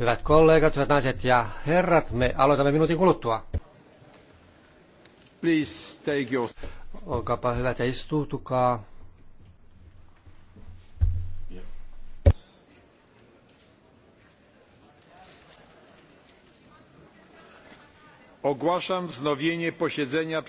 Hyvät kollegat, hyvät naiset ja herrat, me aloitamme minuutin kuluttua. Please take your... Olkaapa hyvät ja istuutukaa. Ogłaszam wznowienie posiedzenia.